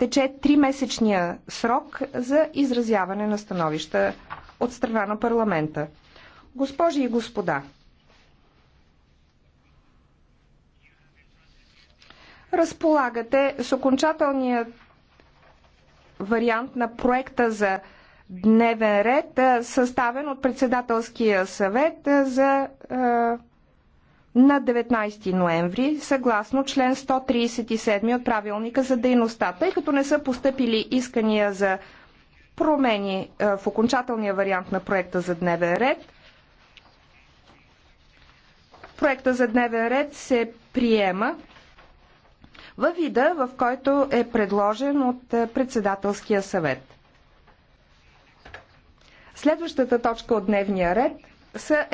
тече тримесечния срок за изразяване на становища от страна на парламента. Госпожи и господа, разполагате с окончателния вариант на проекта за дневен ред, съставен от председателския съвет за е, на 19 ноември, съгласно член 137 от правилника за дейността, тъй като не са поступили искания за промени е, в окончателния вариант на проекта за дневен ред. Проекта за дневен ред се приема във вида, в който е предложен от е, председателския съвет. Следващата точка от дневния ред са